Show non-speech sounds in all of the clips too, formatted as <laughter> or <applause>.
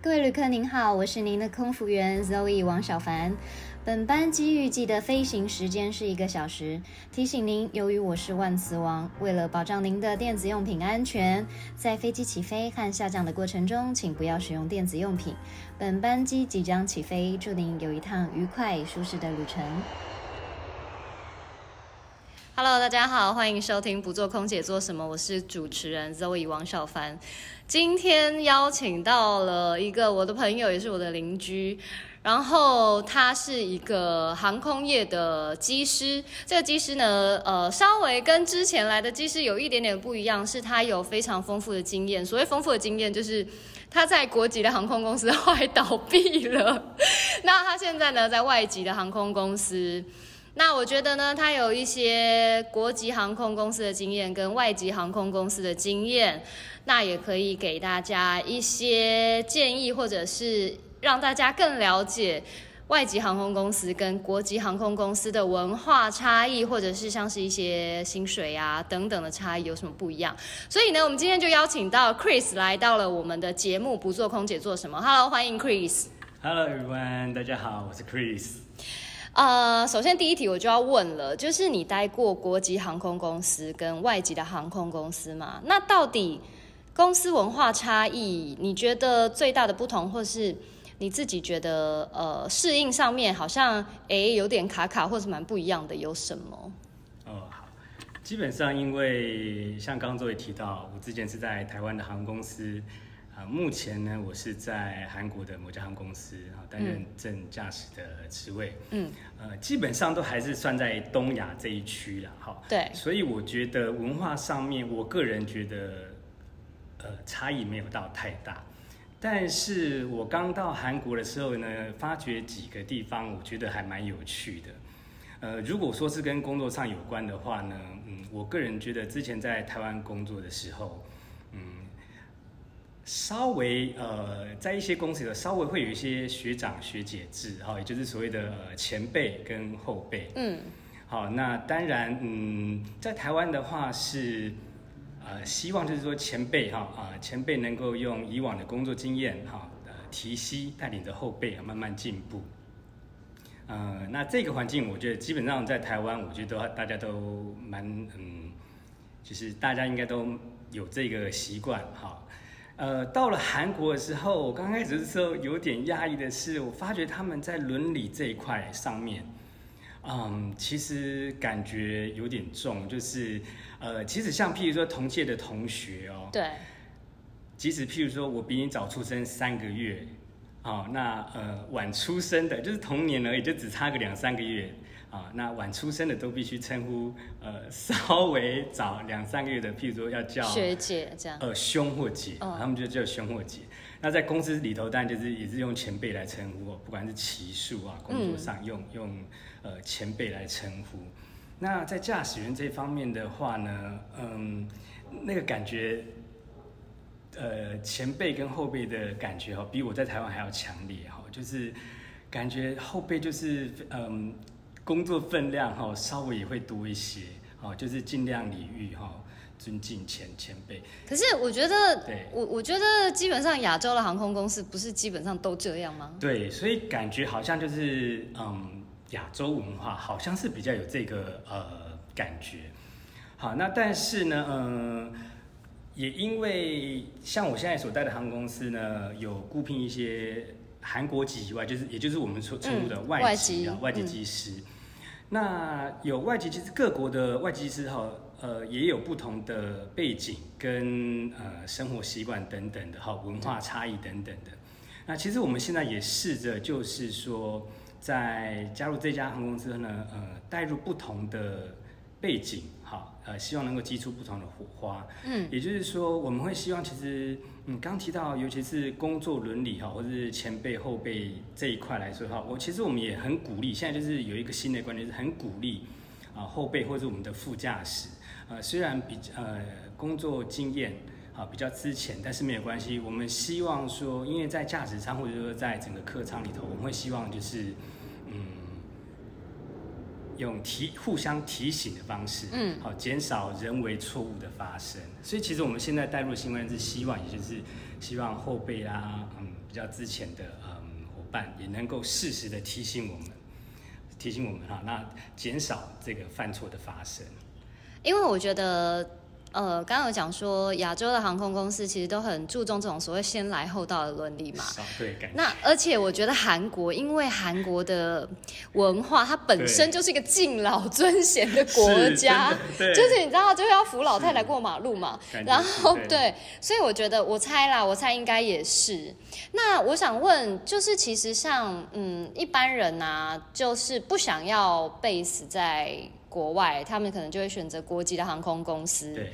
各位旅客，您好，我是您的空服員 Zoe 王小凡。本班機預計的飛行時間是一個小時。提醒您，由於我是萬磁王，為了保障您的電子用品安全，在飛機起飛和下降的過程中，請不要使用電子用品。本班機即將起飛，祝您有一趟愉快舒適的旅程。Hello，大家好，歡迎收聽《不做空姐做什麼》，我是主持人 Zoe 王小凡。今天邀請到了一個我的朋友，也是我的鄰居，然後他是一個航空業的機師。這個機師呢，呃，稍微跟之前來的機師有一點點不一樣，是他有非常豐富的經驗。所謂豐富的經驗，就是他在國籍的航空公司後來倒閉了，那他現在呢，在外籍的航空公司。那我覺得呢，他有一些國籍航空公司的經驗跟外籍航空公司的經驗，那也可以給大家一些建議，或者是讓大家更了解外籍航空公司跟國籍航空公司的文化差異，或者是像是一些薪水啊等等的差異有什麼不一樣。所以呢，我們今天就邀請到 Chris 來到了我們的節目，不做空姐做什麼？Hello，歡迎 Chris。Hello everyone，大家好，我是 Chris。呃，首先第一題我就要問了，就是你待過國籍航空公司跟外籍的航空公司嘛？那到底公司文化差異，你覺得最大的不同，或是你自己覺得呃適應上面好像哎、欸、有點卡卡，或是蠻不一樣的，有什麼？哦、基本上因為像剛剛也提到，我之前是在台灣的航空公司。目前呢，我是在韓國的某家航空公司擔任正駕駛的職位。嗯，呃，基本上都還是算在東亞這一區了，哈。對。所以我覺得文化上面，我個人覺得，呃，差異沒有到太大。但是我剛到韓國的時候呢，發覺幾個地方，我覺得還蠻有趣的。呃，如果說是跟工作上有關的話呢，嗯，我個人覺得之前在台灣工作的時候。稍微呃，在一些公司稍微會有一些學長學姐制，哈，也就是所謂的前輩跟後輩，嗯，好，那當然，嗯，在台灣的話是，呃，希望就是說前輩，哈、呃、啊，前輩能夠用以往的工作經驗，哈，呃，提攜帶領着後輩慢慢進步，呃，那這個環境，我覺得基本上在台灣，我覺得都大家都蠻，嗯，就是大家應該都有這個習慣，哈。呃，到了韓國的時候，我剛開始的時候有點訝異的是，我發覺他們在倫理這一塊上面，嗯，其實感覺有點重，就是，呃，其實像譬如說同屆的同學哦，對，即使譬如說我比你早出生三個月，哦，那呃晚出生的，就是同年而已，就只差個兩三個月。啊，那晚出生的都必須稱呼呃，稍微早兩三個月的，譬如說要叫學姐這樣，呃，兄或姐，oh. 他們就叫兄或姐。那在公司裡頭，當然就是也是用前輩來稱呼，不管是技術啊，工作上用、嗯、用、呃、前輩來稱呼。那在駕駛員這方面的話呢，嗯，那個感覺，呃，前輩跟後輩的感覺哈、哦，比我在台灣還要強烈哈、哦，就是感覺後輩就是嗯。工作分量哈稍微也會多一些，就是盡量禮遇哈，尊敬前前輩。可是我覺得對我，我覺得基本上亞洲的航空公司不是基本上都這樣嗎？對，所以感覺好像就是嗯，亞洲文化好像是比較有這個呃感覺。好，那但是呢，嗯，也因為像我現在所帶的航空公司呢，有雇聘一些韓國籍以外，就是也就是我們所稱呼的外籍啊、嗯、外籍機、嗯、師。那有外籍，其實各國的外籍其實哈，呃，也有不同的背景跟呃生活習慣等等的哈，文化差異等等的。那其實我們現在也試着就是說，在加入這家航空公司後呢，呃，帶入不同的背景哈，呃，希望能夠激出不同的火花。嗯，也就是說，我們會希望其實。嗯，剛剛提到，尤其是工作倫理哈，或者是前輩後輩這一塊來說哈，我其實我們也很鼓勵。現在就是有一個新的觀念，就是很鼓勵啊後輩或者是我們的副駕駛，呃雖然比呃工作經驗啊、呃、比較之前，但是沒有關係。我們希望說，因為在駕駛艙或者說在整個客艙裡頭，我們會希望就是。用提互相提醒的方式，嗯，好，減少人為錯誤的發生。所以，其實我們現在帶入新聞是希望，嗯，也就是希望後輩啦，啊，嗯，比較之前的嗯夥伴也能夠適時的提醒我們，提醒我們哈，啊，那減少這個犯錯的發生。因為我覺得。呃，剛有講說亞洲的航空公司其實都很注重這種所謂先來後到的倫理嘛、啊。那而且我覺得韓國，因為韓國的文化它本身就是一個敬老尊賢的國家的，就是你知道就是、要扶老太太過馬路嘛。然後對，對，所以我覺得我猜啦，我猜應該也是。那我想問，就是其實像嗯一般人啊，就是不想要被死在，國外，他們可能就會選擇國籍的航空公司。對。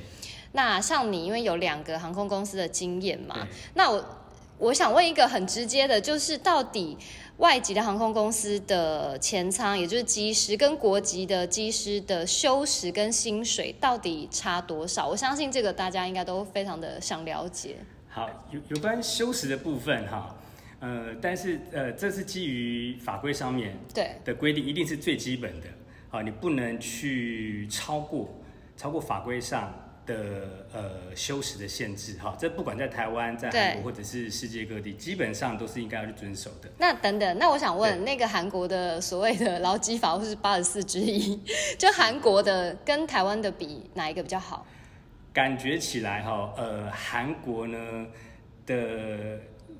那像你，因為有兩個航空公司的經驗嘛。對。那我我想問一個很直接的，就是到底外籍的航空公司的前艙，也就是機師跟國籍的機師的休時跟薪水到底差多少？我相信這個大家應該都非常的想了解。好，有有關休時的部分哈，呃，但是呃，這是基於法規上面對的規定，一定是最基本的。啊，你不能去超過超過法規上的呃休時的限制哈，這不管在台灣、在韓國或者是世界各地，基本上都是應該要去遵守的。那等等，那我想問，那個韓國的所謂的勞基法或是八十四之一，就韓國的跟台灣的比，哪一個比較好？感覺起來哈，呃，韓國呢的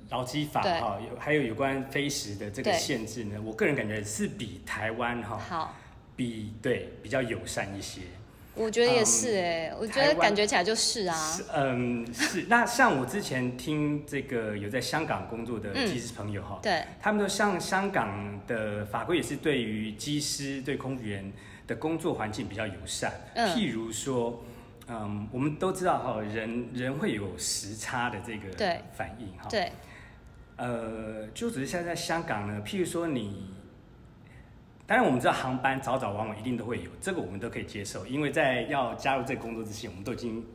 勞基法哈有還有有關飛時的這個限制呢，我個人感覺是比台灣哈好。比對比較友善一些，我覺得也是哎、嗯，我覺得感覺起來就是啊，嗯是。那像我之前聽這個有在香港工作的機師朋友哈、嗯，對，他們都像香港的法規也是對於機師、對空服員的工作環境比較友善、嗯，譬如說，嗯，我們都知道哈，人人會有時差的這個反應哈，對，呃、嗯，就只是現在在香港呢，譬如說你。當然，我們知道航班早早晚晚一定都會有，這個我們都可以接受。因為在要加入這個工作之前，我們都已經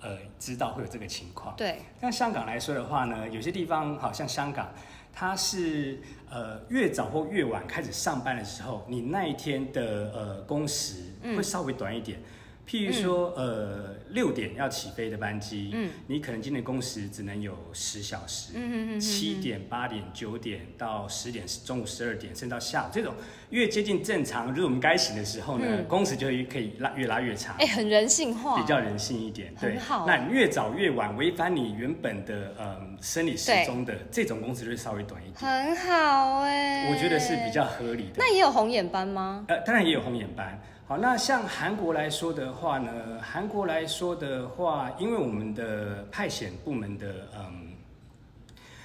呃知道會有這個情況。對。像香港來說的話呢，有些地方，好像香港，它是呃越早或越晚開始上班的時候，你那一天的呃工時會稍微短一點。嗯譬如說，嗯、呃，六點要起飛的班機，嗯，你可能今天工時只能有十小時，嗯嗯嗯，七點、八點、九點到十點，中午十二點，點甚至到下午，這種越接近正常，如果我們該醒的時候呢、嗯，工時就可以拉越拉越長，哎、欸，很人性化，比較人性一點，對，很好啊、那你越早越晚違反你原本的嗯生理時鐘的，這種工時就會稍微短一點，很好哎、欸，我覺得是比較合理的。那也有紅眼班嗎？呃，當然也有紅眼班。好，那像韓國來說的話呢，韓國來說的話，因為我們的派遣部門的嗯，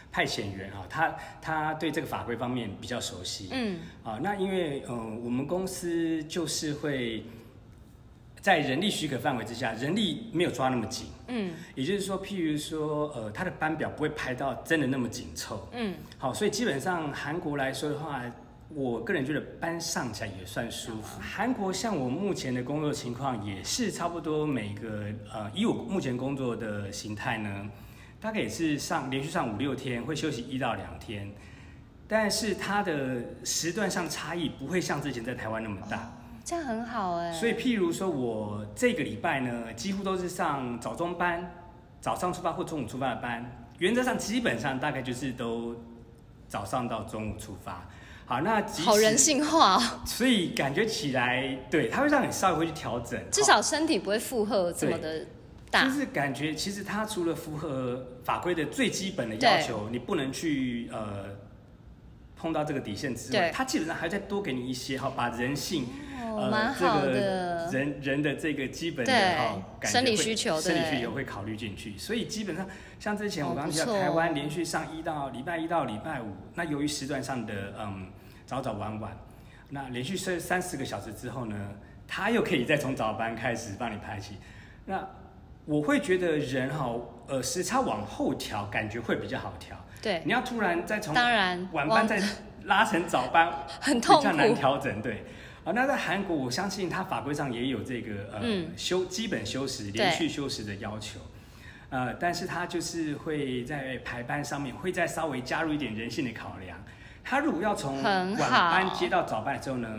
派遣員啊、喔，他他對這個法規方面比較熟悉，嗯，啊、喔，那因為嗯、呃，我們公司就是會在人力許可範圍之下，人力沒有抓那麼緊，嗯，也就是說，譬如說，呃，他的班表不會排到真的那麼緊湊，嗯，好，所以基本上韓國來說的話。我個人覺得班上起來也算舒服。韓國像我目前的工作情況也是差不多每個呃，以我目前工作的形態呢，大概也是上連續上五六天，會休息一到兩天。但是它的時段上差異不會像之前在台灣那麼大，哦、這樣很好哎。所以譬如說，我這個禮拜呢，幾乎都是上早中班，早上出發或中午出發的班，原則上基本上大概就是都早上到中午出發。好，那好人性化哦。所以感覺起來，對，它會讓你稍微會去調整， <laughs> 至少身體不會負荷這麼的大。就是感覺，其實它除了符合法規的最基本的要求，你不能去呃碰到這個底線之外，對，它基本上還再多給你一些哈，把人性、哦、呃蠻好的這個人人的這個基本的哈生理需求，生理需求會考慮進去。所以基本上像之前我剛剛提到台灣，台、哦、灣連續上一到禮拜一到禮拜五，那由於時段上的嗯。早早晚晚，那連續睡三四個小時之後呢，他又可以再從早班開始幫你排起。那我會覺得人哈，呃，時差往後調，感覺會比較好調。對，你要突然再從當然晚班再拉成早班，很痛苦，比較難調整。對，啊、呃，那在韓國，我相信他法規上也有這個呃休、嗯、基本休息連續休息的要求。呃，但是他就是會在排班上面，會再稍微加入一點人性的考量。他如果要從晚班接到早班之後呢，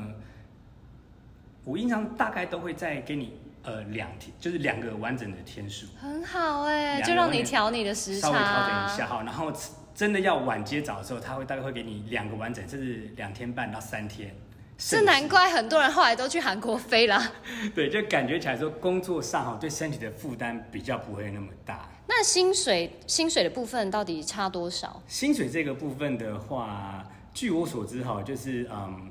我印象大概都會再給你呃兩天，就是兩個完整的天數。很好哎、欸，就讓你調你的時差，稍微調整一下好，然後真的要晚接早的時候，他會大概會給你兩個完整，甚至兩天半到三天。是難怪很多人後來都去韓國飛了。 <laughs> 對，就感覺起來說工作上哈對身體的負擔比較不會那麼大。那薪水薪水的部分到底差多少？薪水這個部分的話。據我所知，哈，就是嗯，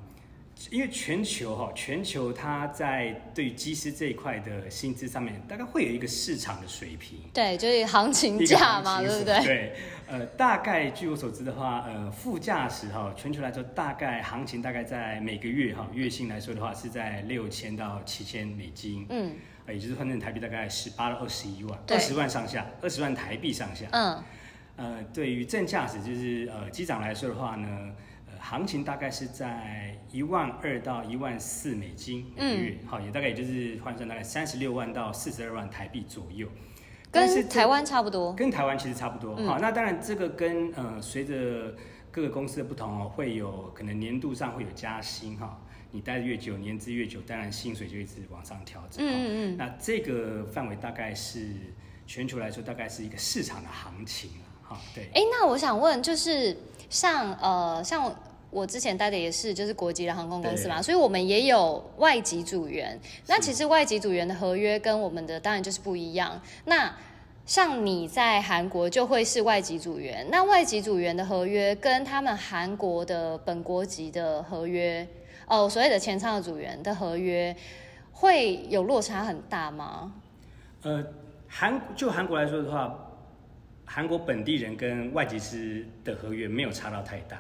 因為全球哈，全球它在對於機師這一塊的薪資上面，大概會有一個市場的水平。對，就是行情價嘛，一個行情，對不對？對，呃，大概據我所知的話，呃，副駕駛哈，全球來說大概行情大概在每個月哈，月薪來說的話是在六千到七千美金，嗯，也就是換成台幣大概十八到二十一萬，二十萬上下，二十萬台幣上下，嗯，呃，對於正駕駛就是呃機長來說的話呢。行情大概是在一萬二到一萬四美金每個月，嗯、嗯，好，也大概也就是換算大概三十六萬到四十二萬台幣左右，是跟台灣差不多，跟台灣其實差不多。好、嗯哦，那當然這個跟呃隨着各個公司的不同哦，會有可能年度上會有加薪哈、哦，你待的越久，年資越久，當然薪水就一直往上調整。嗯嗯、哦，那這個範圍大概是全球來說，大概是一個市場的行情哈、哦。對，哎、欸，那我想問就是像呃像。我之前待的也是，就是國籍的航空公司嘛，所以我們也有外籍組員。那其實外籍組員的合約跟我們的當然就是不一樣。那像你在韓國就會是外籍組員，那外籍組員的合約跟他們韓國的本國籍的合約，哦，所謂的前艙的組員的合約，會有落差很大嗎？呃，韓就韓國來說的話，韓國本地人跟外籍師的合約沒有差到太大。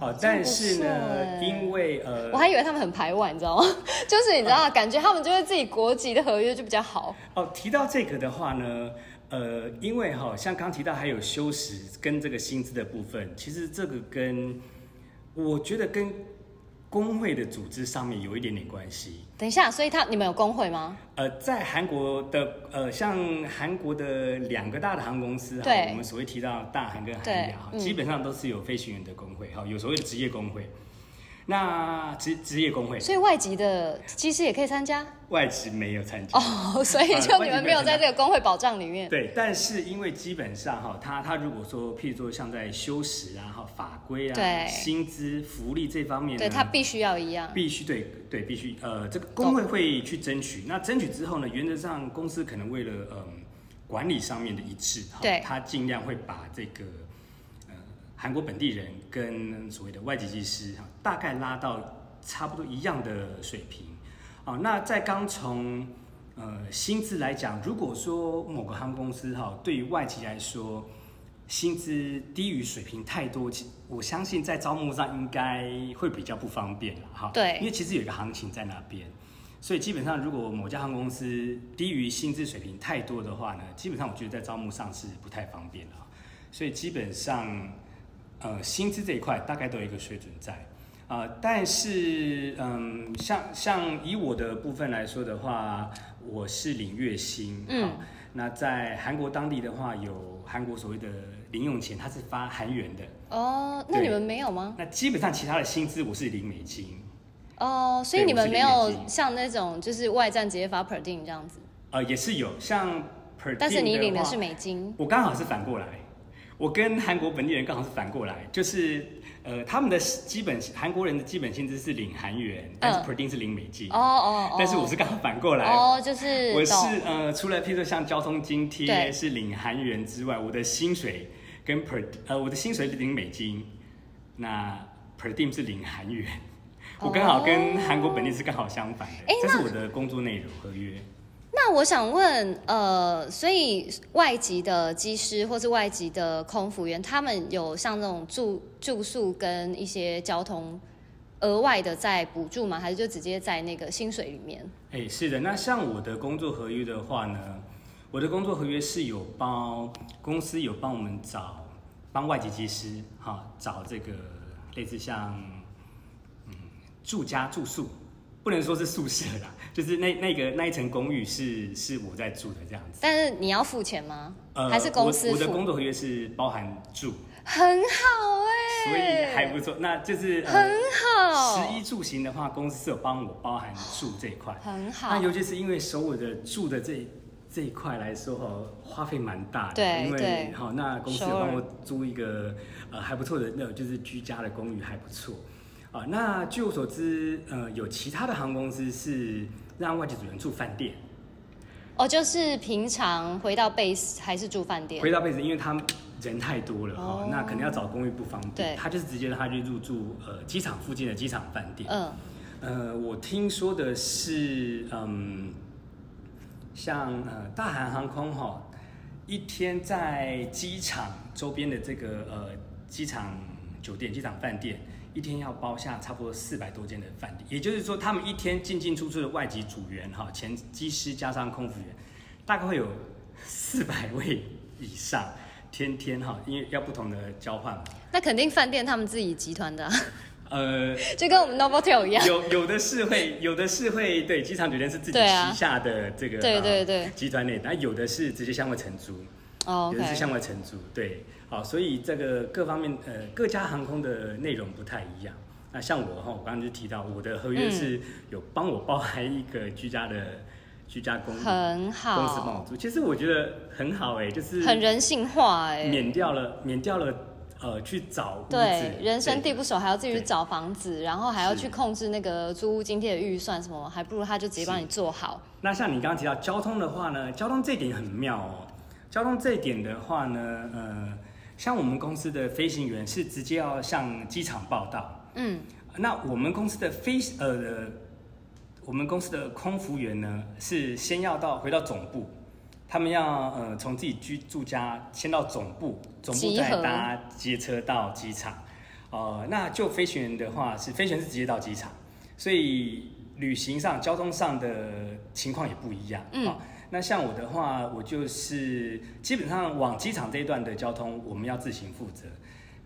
哦、嗯，但是呢，是因為呃，我還以為他們很排外，你知道嗎？就是你知道，嗯、感覺他們就是自己國籍的合約就比較好。哦，提到這個的話呢，呃，因為哈、哦，像剛提到還有休息跟這個薪資的部分，其實這個跟我覺得跟。工會的組織上面有一點點關係。等一下，所以他你們有工會嗎？呃，在韓國的呃，像韓國的兩個大的航空公司哈，我們所謂提到大韓跟韓亞，嗯，基本上都是有飛行員的工會哈，有所謂的職業工會。那職職業工會，所以外籍的機師也可以參加，外籍沒有參加哦，oh, 所以就你們沒有在這個工會保障裡面。 <laughs> 對，但是因為基本上哈，他他如果說，譬如說像在休時啊、哈法規啊、對薪資福利這方面，對他必須要一樣，必須對對必須呃，這個工會會去爭取。Oh. 那爭取之後呢，原則上公司可能為了嗯、呃、管理上面的一致，對，他盡量會把這個。韓國本地人跟所謂的外籍機師，哈，大概拉到差不多一樣的水平，那在剛從呃薪資來講，如果說某個航空公司哈，對於外籍來說，薪資低於水平太多，我相信在招募上應該會比較不方便哈。對。因為其實有一個行情在那邊，所以基本上如果某家航空公司低於薪資水平太多的話呢，基本上我覺得在招募上是不太方便了，所以基本上。呃，薪資這一塊大概都有一個水準在，啊、呃，但是，嗯、呃，像像以我的部分來說的話，我是領月薪，嗯，那在韓國當地的話，有韓國所謂的零用錢，它是發韓元的。哦，那你們沒有嗎？那基本上其他的薪資我是領美金。哦，所以你們沒有像那種就是外站直接發 per diem 這樣子。呃，也是有，像 per diem 但是你領的是美金，我剛好是反過來。我跟韓國本地人剛好是反過來，就是呃，他們的基本韓國人的基本薪資是領韓元，呃，但是 per diem 是領美金。哦哦，但是我是剛好反過來。哦，就是。我是呃，除了譬如說像交通津貼是領韓元之外，我的薪水跟 per，呃，我的薪水是領美金，那 per diem 是領韓元，我剛好跟韓國本地是剛好相反的。哎、哦，欸、這是我的工作內容合約。那我想問，呃，所以外籍的機師或是外籍的空服員，他們有像這種住住宿跟一些交通額外的在補助嗎？還是就直接在那個薪水裡面？哎、欸，是的，那像我的工作合約的話呢，我的工作合約是有幫公司有幫我們找幫外籍機師哈、啊、找這個類似像嗯住家住宿。不能說是宿舍啦，就是那那個那一層公寓是是我在住的這樣子。但是你要付錢嗎？呃，還是公司我，我的工作合約是包含住，很好哎、欸，所以還不錯。那就是很好，食、呃、衣住行的話，公司有幫我包含住這一塊，很好。那、啊、尤其是因為首爾的住的這一這一塊來說哈、哦，花費蠻大的，對，因為好、哦、那公司有幫我租一個呃還不錯的那就是居家的公寓還不錯。啊，那據我所知，呃，有其他的航空公司是讓外籍主人住飯店。哦，就是平常回到貝斯還是住飯店？回到貝斯，因為他們人太多了哈、哦哦，那肯定要找公寓不方便。對，他就是直接讓他去入住呃機場附近的機場飯店。嗯，呃，我聽說的是，嗯，像呃大韓航空哈、哦，一天在機場周邊的這個呃機場酒店、機場飯店。一天要包下差不多四百多間的飯店，也就是說，他們一天進進出出的外籍組員哈，前機師加上空服員，大概會有四百位以上，天天哈，因為要不同的交換嘛。那肯定飯店他們自己集團的、啊，呃，就跟我們 Novotel 一樣，有有的是會，有的是會對機場酒店是自己旗下的這個，對、啊、對，對對，集團內，但有的是直接向外承租，oh, okay. 有的是向外承租，對。好，所以這個各方面，呃，各家航空的內容不太一樣。那像我哈，我剛剛就提到我的合約是有幫我包含一個居家的居家公寓，很好，公司幫我租。其實我覺得很好哎、欸，就是很人性化哎、欸，免掉了免掉了，呃，去找對人生地不熟還要自己去找房子，然後還要去控制那個租屋津貼的預算什麼，還不如他就直接幫你做好。那像你剛剛提到交通的話呢？交通這一點很妙哦，交通這一點的話呢，呃。像我們公司的飛行員是直接要向機場報到，嗯，那我們公司的飛呃，我們公司的空服員呢，是先要到回到總部，他們要呃從自己居住家先到總部，總部再搭接車到機場，哦、呃，那就飛行員的話是飛行員是直接到機場，所以旅行上交通上的情況也不一樣，嗯。哦那像我的話，我就是基本上往機場這一段的交通，我們要自行負責。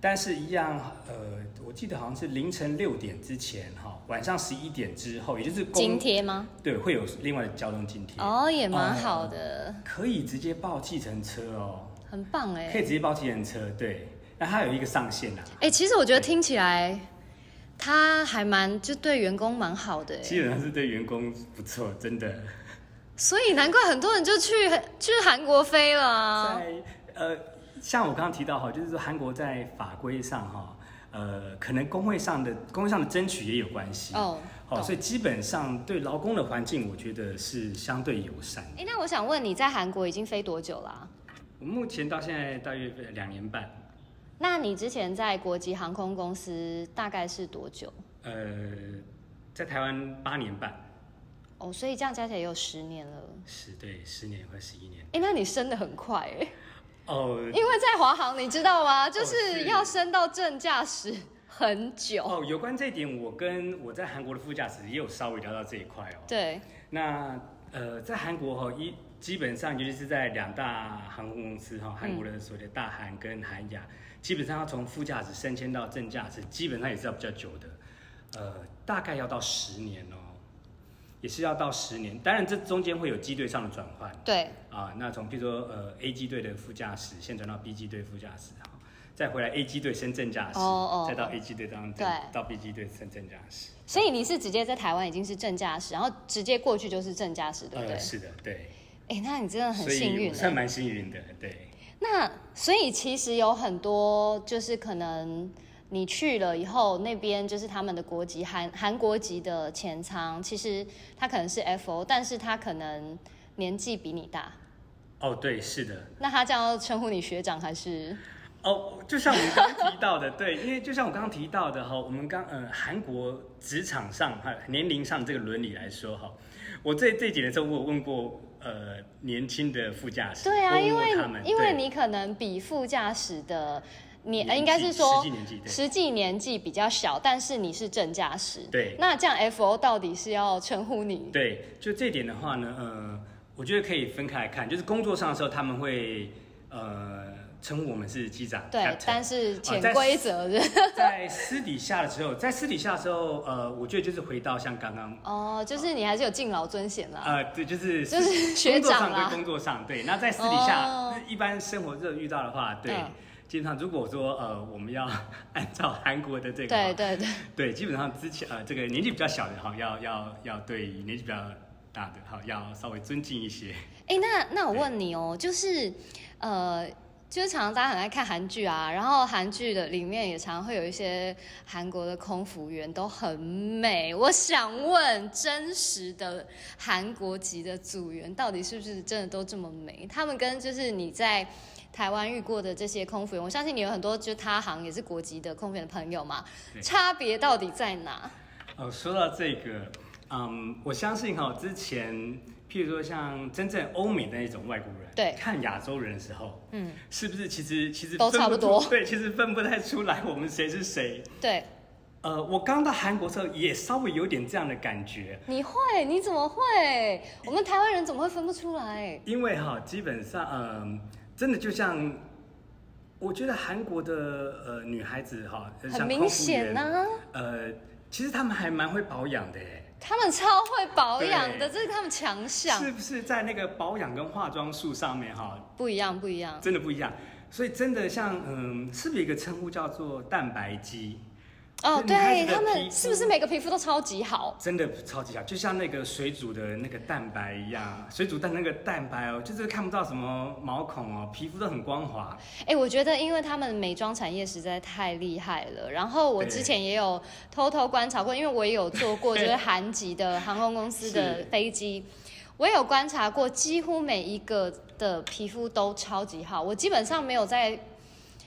但是，一樣，呃，我記得好像是凌晨六點之前，哈，晚上十一點之後，也就是公津貼嗎？對，會有另外的交通津貼。哦，也蠻好的，可以直接報計程車哦，很棒哎，可以直接報計程車，對。那它還有一個上限啊。哎，其實我覺得聽起來，它還蠻就對員工蠻好的，基本上是對員工不錯，真的。所以難怪很多人就去、欸、去韓國飛了、啊。在呃，像我剛剛提到哈，就是說韓國在法規上哈，呃，可能工會上的工會上的爭取也有關係哦。好、oh, oh.，所以基本上對勞工的環境，我覺得是相對友善。誒、欸，那我想問你在韓國已經飛多久啦、啊？我目前到現在大約兩年半。那你之前在國籍航空公司大概是多久？呃，在台灣八年半。哦，所以這樣加起來也有十年了。是，對，十年快十一年。哎、欸，那你升得很快、欸，哦、oh,，因為在華航，你知道嗎？就是要升到正駕駛很久。哦、oh,，oh, 有關這一點，我跟我在韓國的副駕駛也有稍微聊到這一塊哦。對，那呃，在韓國哈、哦，一基本上尤其是在兩大航空公司哈、哦，韓國人所謂的大韓跟韓亞、嗯，基本上要從副駕駛升遷到正駕駛，基本上也是要比較久的，呃、大概要到十年哦。也是要到十年，當然這中間會有機隊上的轉換。對啊，那從比如說呃 A 機隊的副駕駛先轉到 B 機隊副駕駛，哈，再回來 A 機隊升正駕駛，哦哦，再到 A 機隊當正，到 B 機隊升正駕駛。所以你是直接在台灣已經是正駕駛，然後直接過去就是正駕駛，對不對？呃、是的，對。哎，那你真的很幸運了，算蠻幸運的。對。那所以其實有很多就是可能。你去了以後，那邊就是他們的國籍，韓韓國籍的前艙，其實他可能是 FO，但是他可能年紀比你大。哦，對，是的。那他這樣稱呼你學長還是？哦，就像我們剛剛提到的， <laughs> 對，因為就像我剛剛提到的哈，我們剛呃韓國職場上哈，年齡上這個倫理來說哈，我這這幾年的時候，我有問過呃年輕的副駕駛，對啊，因為他們，因為你可能比副駕駛的。你呃，應該是說實際年紀實際年紀比較小，但是你是正駕駛。對，那這樣 FO 到底是要稱呼你？對，就這點的話呢、呃，我覺得可以分開來看，就是工作上的時候他們會呃稱呼我們是機長。對，Captain，但是潛規則是。在私， <laughs> 在私底下的時候，在私底下的時候，呃，我覺得就是回到像剛剛。哦、呃，就是你還是有敬老尊賢啦。呃，對、就是，就是。是學長啊。工作上歸工作上對，那在私底下、呃、一般生活上遇到的話，對。呃基本上，如果說呃，我們要按照韓國的這個，對對對，對，基本上之前呃，這個年紀比較小的哈，要要要對年紀比較大的哈，要稍微尊敬一些。欸，那那我問你哦、喔，就是呃，就是常常大家很愛看韓劇啊，然後韓劇的裡面也常常會有一些韓國的空服員都很美。我想問，真實的韓國籍的組員到底是不是真的都這麼美？他們跟就是你在。台灣遇過的這些空服員，我相信你有很多，就是他行也是國籍的空服員的朋友嘛，差別到底在哪？哦、呃，說到這個，嗯，我相信哈，之前譬如說像真正歐美的那一種外國人，對，看亞洲人的時候，嗯，是不是其實其實分都差不多？對，其實分不太出來我們誰是誰。對，呃，我剛到韓國時候也稍微有點這樣的感覺。你會？你怎麼會？我們台灣人怎麼會分不出來？因為哈，基本上，嗯。真的就像，我覺得韓國的呃女孩子，哈、喔，很明顯啊，呃，其實他們還蠻會保養的耶，他們超會保養的，這是他們強項。是不是在那個保養跟化妝術上面哈，不一樣不一樣，真的不一樣。所以真的像嗯，是不是有一個稱呼叫做蛋白肌？哦，對他們是不是每個皮膚都超級好？真的超級好，就像那個水煮的那個蛋白一樣，水煮蛋那個蛋白哦，就是看不到什麼毛孔哦，皮膚都很光滑。哎、欸，我覺得因為他們美妝產業實在太厲害了，然後我之前也有偷偷觀察過，因為我也有坐過就是韓籍的航空公司的飛機， <laughs> 我有觀察過，幾乎每一個的皮膚都超級好，我基本上沒有在。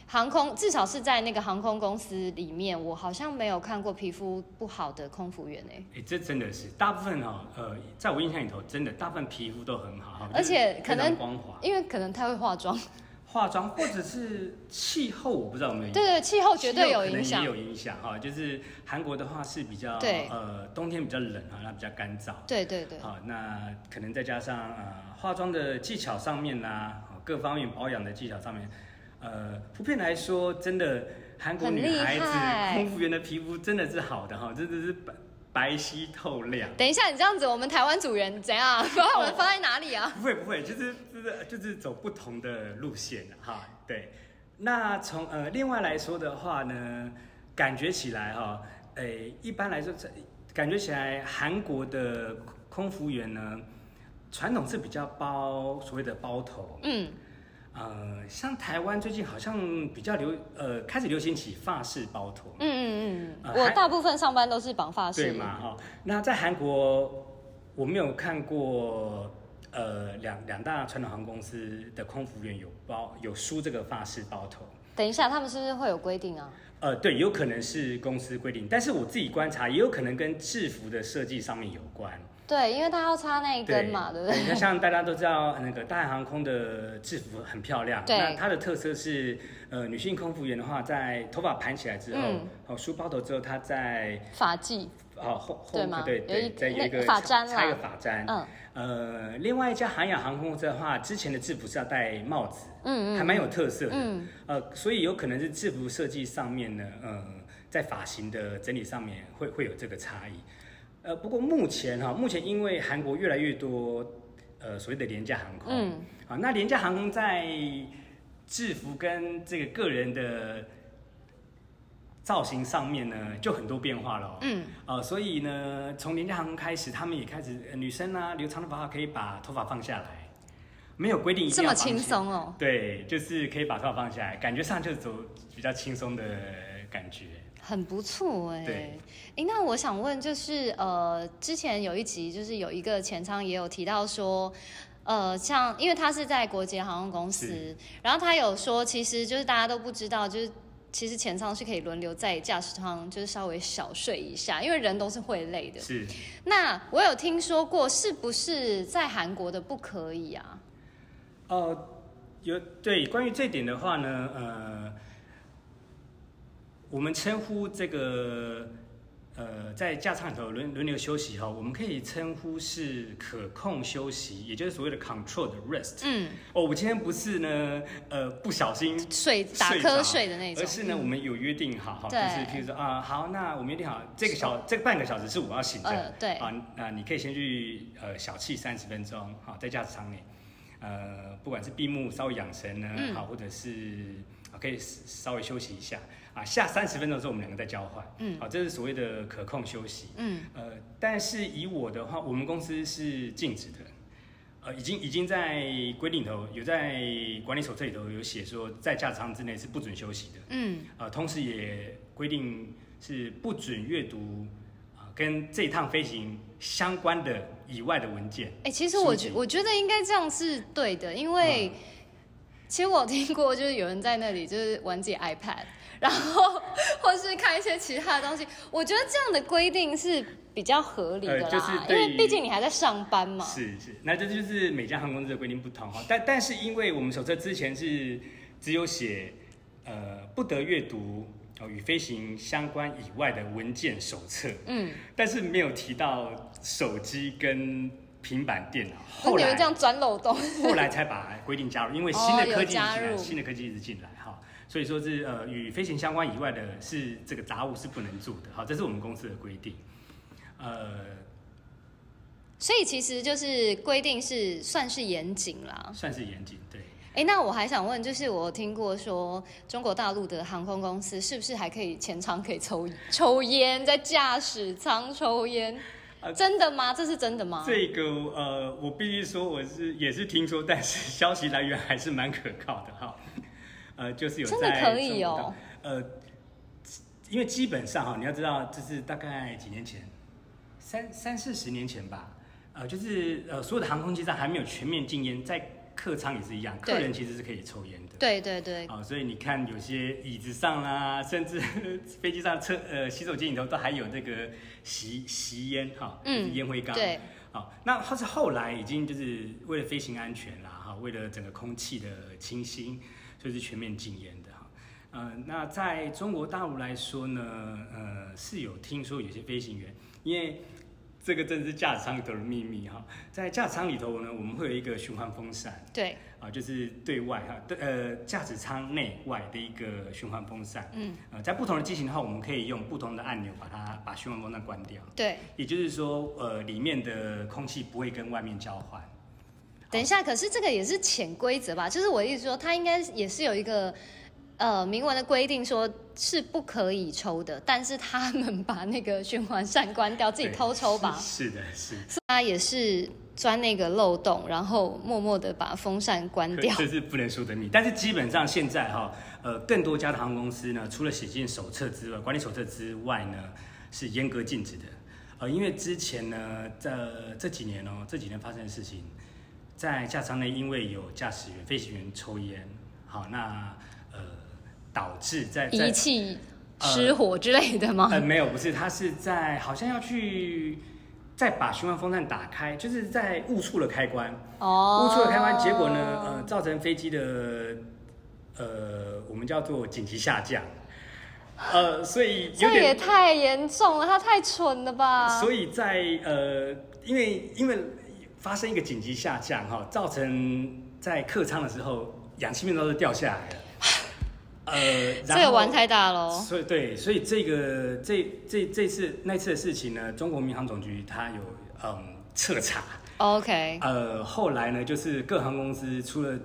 航空，至少是在那個航空公司裡面，我好像沒有看過皮膚不好的空服員哎、欸。哎、欸，這真的是大部分哈、哦，呃，在我印象裡頭，真的大部分皮膚都很好。而且可能光滑，因為可能太會化妝。化妝或者是氣候， <laughs> 我不知道有沒有影響。對對，氣候絕對有影響。也有影響哈、哦，就是韓國的話是比較，對呃，冬天比較冷啊，那比較乾燥。對對對。好、哦，那可能再加上呃化妝的技巧上面吶、啊，各方面保養的技巧上面。呃，普遍來說，真的韓國女孩子空服員的皮膚真的是好的哈、喔，真的是白白皙透亮。等一下，你這樣子，我們台灣組員怎樣？把、哦、 <laughs> 我們放在哪裡啊？不會不會，就是就是就是走不同的路線哈、喔。對，那從呃另外來說的話呢，感覺起來哈，哎、喔欸，一般來說，感覺起來韓國的空服員呢，傳統是比較包所謂的包頭，嗯。呃，像台灣最近好像比較流，呃，開始流行起法式包頭。嗯嗯嗯、呃，我大部分上班都是綁法式對嘛。哦，那在韓國，我沒有看過，呃，兩兩大傳統航空公司的空服員有包有梳這個法式包頭。等一下，他們是不是會有規定啊？呃，對，有可能是公司規定，但是我自己觀察，也有可能跟制服的設計上面有關。對，因為它要插那一根嘛，對，對不對、嗯？像大家都知道，那個大韓航空的制服很漂亮。對。那它的特色是，呃，女性空服員的話，在頭髮盤起來之後，好、嗯，梳包頭之後，它在髮髻。哦，後後對對對，再有，有一個髮簪啦，插一個髮簪。嗯。呃，另外一家韓亞航空的話，之前的制服是要戴帽子，嗯，嗯，還蠻有特色的。嗯。呃，所以有可能是制服設計上面呢，呃，在髮型的整理上面會會，會有這個差異。呃，不過目前哈、啊，目前因為韓國越來越多，呃，所謂的廉價航空，嗯，啊、那廉價航空在制服跟這個個人的造型上面呢，就很多變化了，嗯、啊，所以呢，從廉價航空開始，他們也開始，呃、女生啊，留長頭髮可以把頭髮放下來，沒有規定，一定要，這麼輕鬆哦，對，就是可以把頭髮放下來，感覺上就是比較輕鬆的感覺，嗯、很不錯哎、欸，對。哎，那我想問，就是呃，之前有一集，就是有一個前艙也有提到說，呃，像，因為他是在國籍航空公司，然後他有說，其實就是大家都不知道，就是其實前艙是可以輪流在駕駛艙，就是稍微小睡一下，因為人都是會累的。是，那我有聽說過，是不是在韓國的不可以啊？哦、呃，有對，關於這點的話呢，呃，我們稱呼這個。呃，在駕駛艙裡頭輪輪流休息哈，我們可以稱呼是可控休息，也就是所謂的 controlled rest。嗯，哦，我今天不是呢，呃，不小心睡打瞌睡的那種，而是呢，我們有約定好，哈、嗯，就是比如說啊，好，那我們約定好，這個小這個、半個小時是我要醒的、呃。對，啊，你可以先去呃小憩三十分鐘，哈、啊，在駕駛艙裡，呃、啊，不管是閉目稍微養神呢、嗯，好，或者是、啊、可以稍微休息一下。啊，下三十分鐘的時候，我們兩個在交換。嗯，這是所謂的可控休息。嗯，呃，但是以我的話，我們公司是禁止的。呃，已經已經在規定頭有在管理手冊裡頭有寫說，在駕駛艙之內是不准休息的。嗯，呃，同時也規定是不准閱讀、呃、跟這一趟飛行相關的以外的文件。哎、欸，其實我覺我覺得應該這樣是對的，因為、嗯、其實我有聽過，就是有人在那裡就是玩自己 iPad。 <laughs> 然後，或是看一些其他的東西，我覺得這樣的規定是比較合理的啦，呃就是、對，因為畢竟你還在上班嘛。是是，那這就是每家航空公司的規定不同哈。但但是，因為我們手冊之前是只有寫，呃，不得閱讀哦、呃、與飛行相關以外的文件手冊，嗯，但是沒有提到手機跟平板電腦。後來這樣鑽漏洞，後來才把規定加入， <laughs> 哦、因為新的科技一直進來加入，新的科技一直進來所以說是呃，與飛行相關以外的是，是這個雜物是不能住的，好，這是我們公司的規定。呃，所以其實就是規定是算是嚴謹啦，算是嚴謹，對。哎、欸，那我還想問，就是我聽過說中國大陸的航空公司是不是還可以前艙可以抽抽菸，在駕駛艙抽菸？真的嗎？ <laughs> 這是真的嗎？這個呃，我必須說我是也是聽說，但是消息來源還是蠻可靠的哈。好呃，就是有在真的可以哦！呃，因為基本上哈、哦，你要知道這、就是大概幾年前，三三四十年前吧，呃，就是呃，所有的航空機上還沒有全面禁煙，在客艙也是一樣，客人其實是可以抽煙的。對對對、對。啊、哦，所以你看有些椅子上啦、啊，甚至飛機上廁呃洗手間裡頭都還有這個吸吸烟哈，嗯，煙灰缸。對。好、哦，那它是後來已經就是為了飛行安全啦，哈、哦，為了整個空氣的清新。就是全面禁煙的哈，嗯、呃，那在中國大陸來說呢，呃，是有聽說有些飛行員，因為這個真的是駕駛艙裡頭的秘密哈，在駕駛艙裡頭呢，我們會有一個循環風扇，對，啊、呃，就是對外哈，對，呃，駕駛艙內外的一個循環風扇，嗯，呃，在不同的機型的話，我們可以用不同的按鈕把它把循環風扇關掉，對，也就是說，呃，裡面的空氣不會跟外面交換。等一下，可是這個也是潛規則吧？就是我意思說，他應該也是有一個呃明文的規定說，說是不可以抽的，但是他們把那個循環扇關掉，自己偷抽吧。是，是的，是。他也是鑽那個漏洞，然後默默的把風扇關掉。這是不能說的秘密。但是基本上現在哈，呃，更多家的航空公司呢，除了寫進手冊之外，管理手冊之外呢，是嚴格禁止的。呃，因為之前呢，在這幾年哦、喔，這幾年發生的事情。在駕駛艙內，因為有駕駛員、飛行員抽煙，好，那呃，導致在儀器、呃、失火之類的嗎？呃，沒有，不是，他是在好像要去再把循環風扇打開，就是在誤觸了開關，哦，誤觸了開關，結果呢，呃，造成飛機的呃，我們叫做緊急下降，呃，所以這也太嚴重了，他太蠢了吧？所以在呃，因為因為。發生一個緊急下降，哈，造成在客艙的時候氧氣面罩都掉下來了。 <laughs> 呃，然後這個玩太大嘍。所以對，所以這個這這這次那次的事情呢，中國民航總局他有嗯徹查。Oh, OK。呃，後來呢，就是各航空公司出了，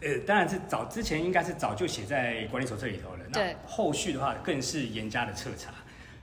呃，當然是早之前應該是早就寫在管理手冊裡頭了。那後續的話更是嚴加的徹查，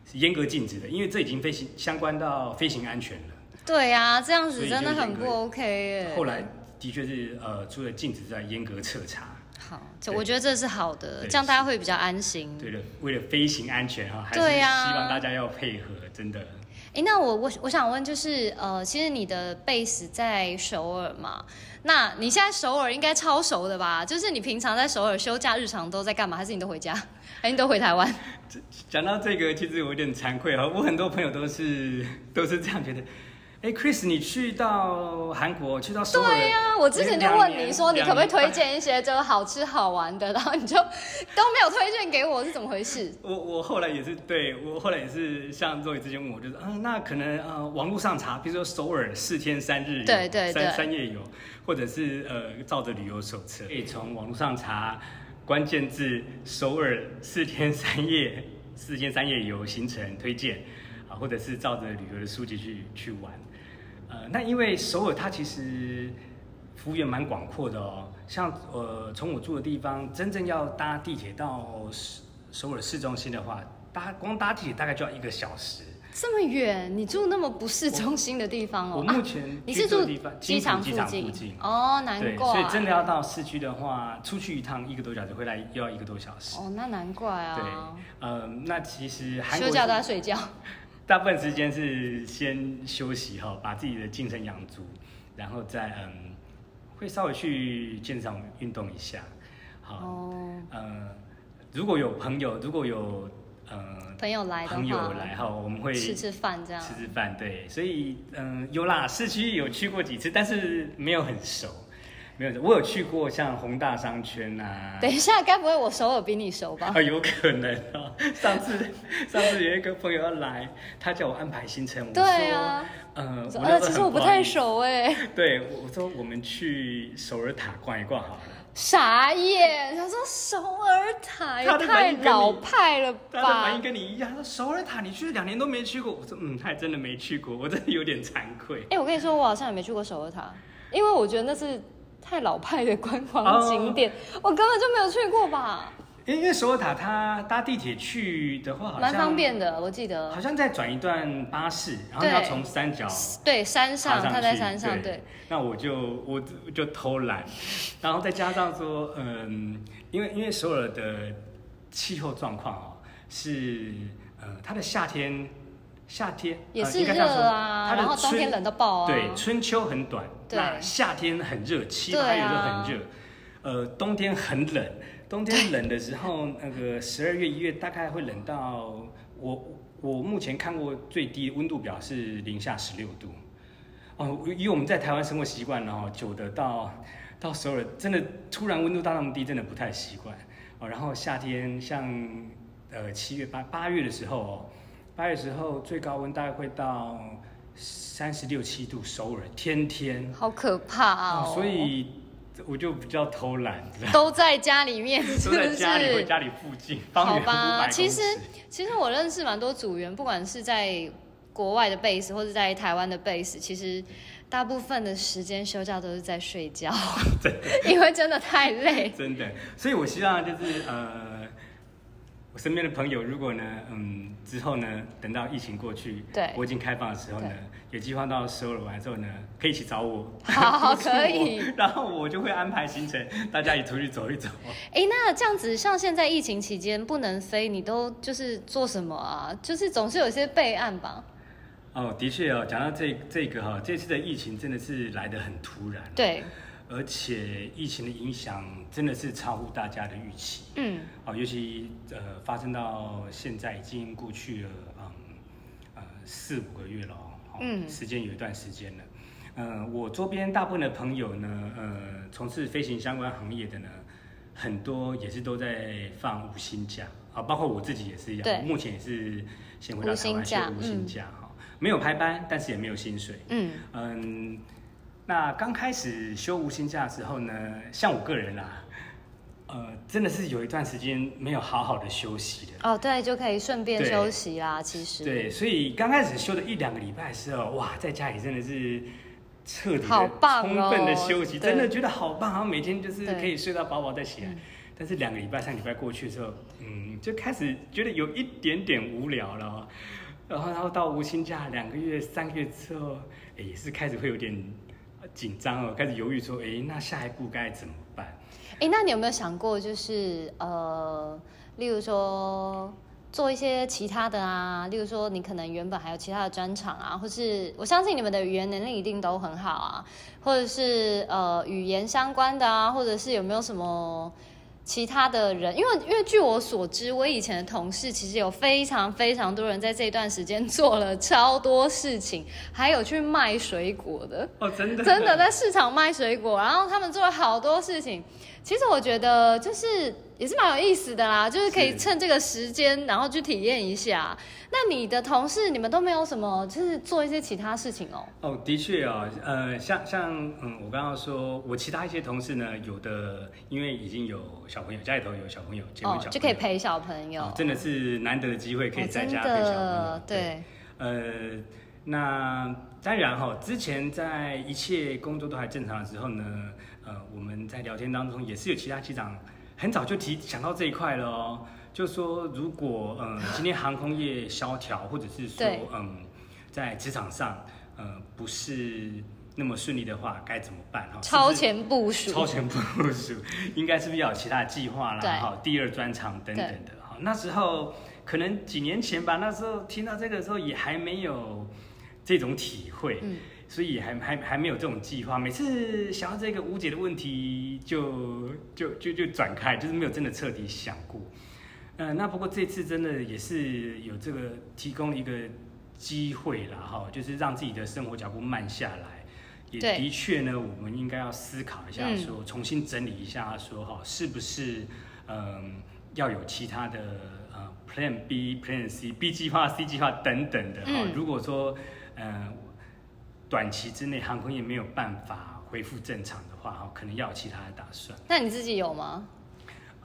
是嚴格禁止的，因為這已經飛行相關到飛行安全了。對呀、啊，這樣子真的很不 OK 哎、欸。後來的確是呃，除了禁止，再嚴格徹查。好，我覺得這是好的，這樣大家會比較安心。對的，為了飛行安全哈，還是希望大家要配合，啊、真的。哎、欸，那我我我想問，就是呃，其實你的 base 在首爾嘛？那你現在首爾應該超熟的吧？就是你平常在首爾休假日常都在幹嘛？還是你都回家？哎，你都回台灣？講到這個，其實我有點慚愧啊，我很多朋友都是都是這樣覺得。哎、欸，Chris，你去到韓國，去到首爾。對呀、啊，我之前就問你說，你可不可以推薦一些就是好吃好玩的，啊、然後你就都沒有推薦給我，是怎麼回事？我我後來也是對，我後來也是像 Zoe 之前問我，就是嗯，那可能呃，網絡上查，比如說首爾四天三日，對，對對，三三夜遊，或者是呃，照着旅遊手冊，可以從網絡上查關鍵字“首爾四天三夜”，四天三夜遊行程推薦啊，或者是照着旅遊的書籍去去玩。呃，那因為首爾它其實幅員蠻廣闊的哦，像呃從我住的地方，真正要搭地鐵到首首爾市中心的話，搭光搭地鐵大概就要一個小時。這麼遠，你住那麼不市中心的地方哦？我，我目前居住的地方、啊、你是住機場附近，金浦機場附近哦，難怪。所以真的要到市區的話，出去一趟一個多小時，回來又要一個多小時。哦，那難怪啊。對，呃，那其實休腳大家睡覺。大部分時間是先休息哈，把自己的精神養足，然後再嗯，會稍微去健身運動一下，好、哦，嗯，如果有朋友，如果有、嗯、朋友的朋友來，朋友來哈，我們會吃吃飯這樣，吃吃飯，對，所以嗯有啦，市區有去過幾次，但是沒有很熟。沒有，我有去過像宏大商圈吶、啊。等一下，該不會我首爾比你熟吧？啊，有可能啊。上次， <laughs> 上次有一個朋友要來，他叫我安排行程。對啊，我說呃，我說呃我，其實我不太熟誒。對，我說我們去首爾塔逛一逛，好了。啥耶？他說首爾塔，太老派了吧？他的反應跟你一樣。他說首爾塔，你去了兩年都沒去過。我說嗯，他還真的沒去過，我真的有點慚愧。哎、欸，我跟你說，我好像也沒去過首爾塔，因為我覺得那是。太老派的觀光景點，oh, 我根本就沒有去過吧？因為首爾塔，它搭地鐵去的話，蠻方便的。我記得好像再轉一段巴士，然後要從山腳，對，對山上，它在山上。對，那我就我就偷懶，然後再加上說，嗯，因為因為首爾的氣候狀況啊，是呃，它的夏天。夏天也是熱啊、呃它的春，然後冬天冷到爆、啊、對，春秋很短，那夏天很熱，七八月就很熱、啊。呃，冬天很冷，冬天冷的時候， <laughs> 那個十二月、一月大概會冷到我我目前看過最低溫度表是零下十六度。哦、呃，因為我們在台灣生活習慣了哦，然後久的到到時候爾真的突然溫度到那麼低，真的不太習慣哦。然後夏天像呃七月八八月的時候哦。八月之後最高溫大概會到三十六七度熟，首爾天天好可怕、哦、啊！所以我就比較偷懶，都在家裡面，是不是都在家裡或家裡附近。好吧，其實其實我認識蠻多組員，不管是在國外的 base 或者在台灣的 base，其實大部分的時間休假都是在睡覺，因為真的太累。真的，所以我希望就是呃。我身邊的朋友，如果呢，嗯，之後呢，等到疫情過去，對，國境開放的時候呢，有計劃到首爾玩之後呢，可以一起找我。好，好我，可以。然後我就會安排行程，大家一起出去走一走。哎、 <laughs> 欸，那這樣子，像現在疫情期間不能飛，你都就是做什麼啊？就是總是有些備案吧？哦，的確哦，講到這這個哈、哦，這次的疫情真的是來得很突然。對。而且疫情的影響真的是超乎大家的預期，嗯，好，尤其呃發生到現在已經過去了，嗯，四、呃、五個月了哦，嗯，時間有一段時間了、呃，我周邊大部分的朋友呢，呃，從事飛行相關行業的呢，很多也是都在放無薪假，啊，包括我自己也是一樣，目前也是先回到台灣，無薪假哈、嗯哦，沒有排班，但是也沒有薪水，嗯嗯。嗯那剛開始休無薪假的時候呢，像我個人啦、啊，呃，真的是有一段時間沒有好好的休息的。哦，對，就可以順便休息啦。其實，對，所以剛開始休的一兩個禮拜的時候，哇，在家裡真的是徹底的好棒，哦、充分的休息，真的覺得好棒，然後每天就是可以睡到飽飽再起來。但是兩個禮拜、三個禮拜過去之後，嗯，就開始覺得有一點點無聊了。然後，然後到無薪假兩個月、三個月之後，也是開始會有點。緊張哦，開始猶豫說，哎、欸，那下一步該怎麼辦？哎、欸，那你有沒有想過，就是呃，例如說做一些其他的啊，例如說你可能原本還有其他的專長啊，或是我相信你們的語言能力一定都很好啊，或者是呃語言相關的啊，或者是有沒有什麼？其他的人，因為因為據我所知，我以前的同事其實有非常非常多人在這段時間做了超多事情，還有去賣水果的哦，真的真的在市場賣水果，然後他們做了好多事情。其實我覺得就是。也是蠻有意思的啦，就是可以趁這個時間，然後去體驗一下。那你的同事，你們都沒有什麼，就是做一些其他事情哦、喔。哦，的確啊、哦，呃，像像嗯，我剛剛說，我其他一些同事呢，有的因為已經有小朋友，家裡頭有小朋友，朋友哦、就可以陪小朋友、哦，真的是難得的機會，可以在家、哦、陪小朋友。對，對呃，那當然後、哦，之前在一切工作都還正常的時候呢，呃，我們在聊天當中也是有其他機長。很早就提想到這一塊了哦，就說如果嗯今天航空業蕭條，或者是說嗯在職場上呃、嗯、不是那麼順利的話，該怎麼辦？哈，超前部署，是不是超前部署， <laughs> 應該是比較有其他計劃啦，哈，第二專長等等的哈。那時候可能幾年前吧，那時候聽到這個時候也還沒有這種體會。嗯所以還還還沒有這種計劃，每次想到這個無解的問題就，就就就就轉開，就是沒有真的徹底想過。嗯、呃，那不過這次真的也是有這個提供一個機會啦，哈、哦，就是讓自己的生活腳步慢下來。也的確呢，我們應該要思考一下說，說、嗯、重新整理一下說，說、哦、哈，是不是嗯、呃、要有其他的呃 plan B、plan C、B 計劃、C 計劃等等的哈、嗯哦。如果說嗯。呃短期之內，航空業沒有辦法恢復正常的話，哈，可能要有其他的打算。那你自己有嗎？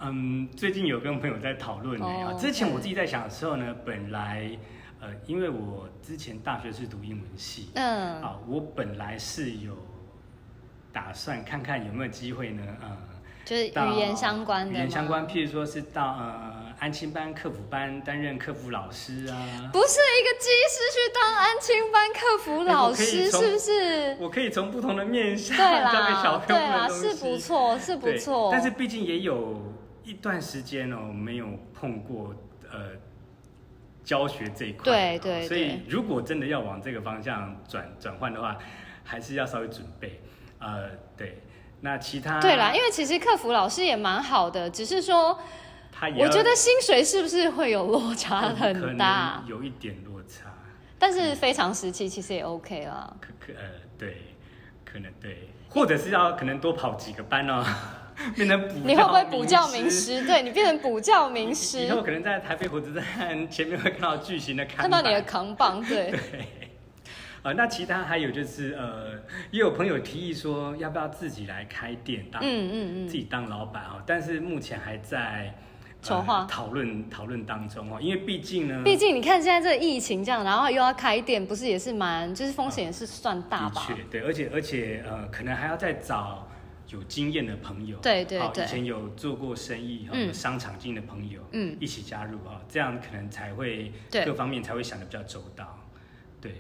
嗯，最近有跟我朋友在討論呢。啊、oh，之前我自己在想的時候呢，本來，呃，因為我之前大學是讀英文系，嗯，啊、呃，我本來是有打算看看有沒有機會呢，呃、就是語言相關的，語言相關，譬如說是到呃。安親班、客服班，擔任客服老師啊，不是一個機師去當安親班客服老師、欸，是不是？我可以從不同的面向交給小朋友們的對啦，對啦，是不錯，是不錯。但是畢竟也有一段時間哦、喔，沒有碰過、呃、教學這一塊、喔，對，對對。所以如果真的要往這個方向轉轉換的話，還是要稍微準備。呃，對，那其他對啦，因為其實客服老師也蠻好的，只是說。他可能我覺得薪水是不是會有落差很大？可能有一點落差，嗯，但是非常時期其實也 OK 啊。可可呃對，可能對，或者是要可能多跑幾個班哦，變成補。你會不會補教名師？ <laughs> 對，你變成補教名師。以後可能在台北火車站前面會看到巨型的看板，看到你的扛棒對。對、呃。那其他還有就是呃，也有朋友提議說，要不要自己來開店當，嗯嗯嗯，自己當老闆啊、哦？但是目前還在。籌、呃、劃討論討論當中哦，因為畢竟呢，畢竟你看現在這個疫情這樣，然後又要開店，不是也是蠻就是風險也是算大吧？嗯、的確，對，而且而且呃，可能還要再找有經驗的朋友，對對對，以前有做過生意和、嗯、商場經營的朋友，嗯，一起加入哈，這樣可能才會對各方面才會想得比較周到，對。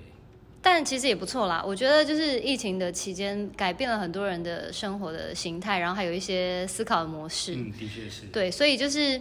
但其實也不錯啦，我覺得就是疫情的期間，改變了很多人的生活的形態，然後還有一些思考的模式。嗯，的確是。對，所以就是，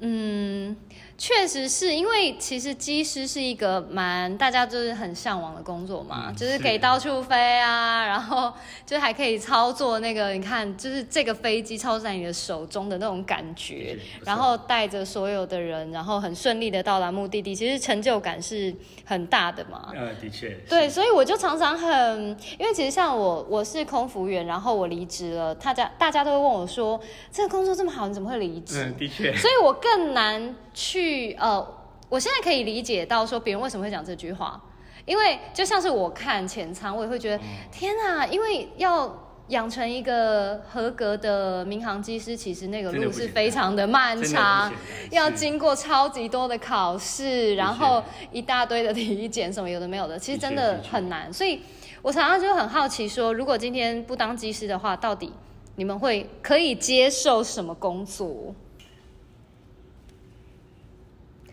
嗯。確實是因為其實機師是一個蠻大家就是很嚮往的工作嘛，嗯、就是可以到處飛啊，然後就還可以操作那個，你看就是這個飛機操作在你的手中的那種感覺，然後帶着所有的人，然後很順利的到達目的地，其實成就感是很大的嘛。呃、嗯，的確的。對，所以我就常常很，因為其實像我我是空服員，然後我離職了，大家大家都會問我說這個工作這麼好，你怎麼會離職？嗯，的確。所以我更難去。去呃，我現在可以理解到說別人為什麼會講這句話，因為就像是我看前艙，我也會覺得天啊，因為要養成一個合格的民航機師，其實那個路是非常的漫長，要經過超級多的考試，然後一大堆的體檢什麼有的沒有的，其實真的很難。所以我常常就很好奇說，如果今天不當機師的話，到底你們會可以接受什麼工作？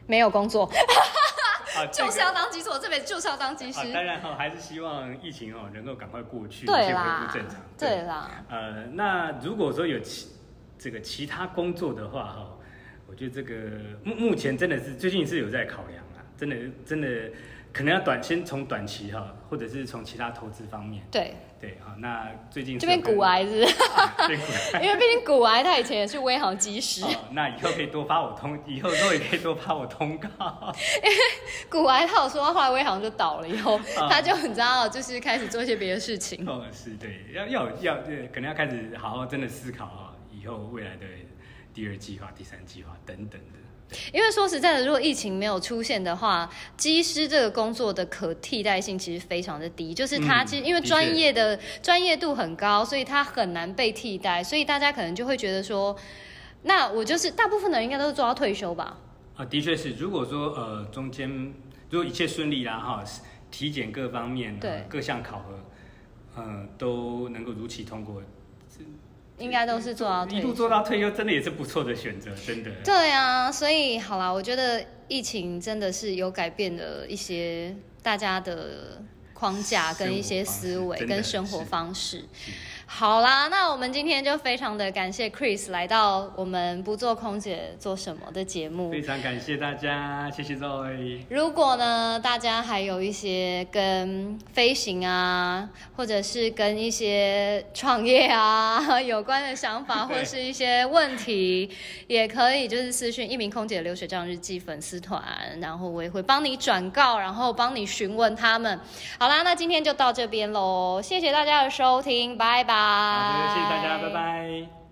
沒有工作，啊，就是要當機師，我這邊就是要當機師。當然哈，還是希望疫情哦能夠趕快過去，去恢復正常對。對啦。呃，那如果說有其這個其他工作的話哈，我覺得這個目目前真的是最近是有在考量啊，真的真的可能要短先從短期哈，或者是從其他投資方面。對。對啊，那最近這邊古埃是，是， <laughs> 因為畢竟古埃他以前也是威航機師、 <laughs> 哦，那以後可以多發我通，以後都也可以多發我通告。因為古埃他有說到後來，威航就倒了，以後、哦、他就很知道，就是開始做一些別的事情。哦，是對，要要要，可能要開始好好真的思考啊，以後未來的。第二計劃、第三計劃等等的，因為說實在的，如果疫情沒有出現的話，機師這個工作的可替代性其實非常的低，就是他其實、嗯、因為專業的，的專業度很高，所以他很難被替代，所以大家可能就會覺得說，那我就是大部分的人應該都是做到退休吧？啊、嗯，的確是，如果說呃中間如果一切順利啦哈、哦，體檢各方面、呃、對各項考核，呃、都能夠如期通過。應該都是做到，一度做到退休，真的也是不錯的選擇，真的。對啊，所以好啦，我覺得疫情真的是有改變了一些大家的框架跟一些思維跟生活方式。好啦，那我們今天就非常的感謝 Chris 來到我們不做空姐做什麼的節目。非常感謝大家，謝謝各位。如果呢，大家還有一些跟飛行啊，或者是跟一些創業啊有關的想法，或是一些問題，也可以就是私訊一名空姐流水帳日記粉絲團，然後我也會幫你轉告，然後幫你詢問他們。好啦，那今天就到這邊嘍，謝謝大家的收聽，拜拜。Bye. 好，謝謝大家，拜拜。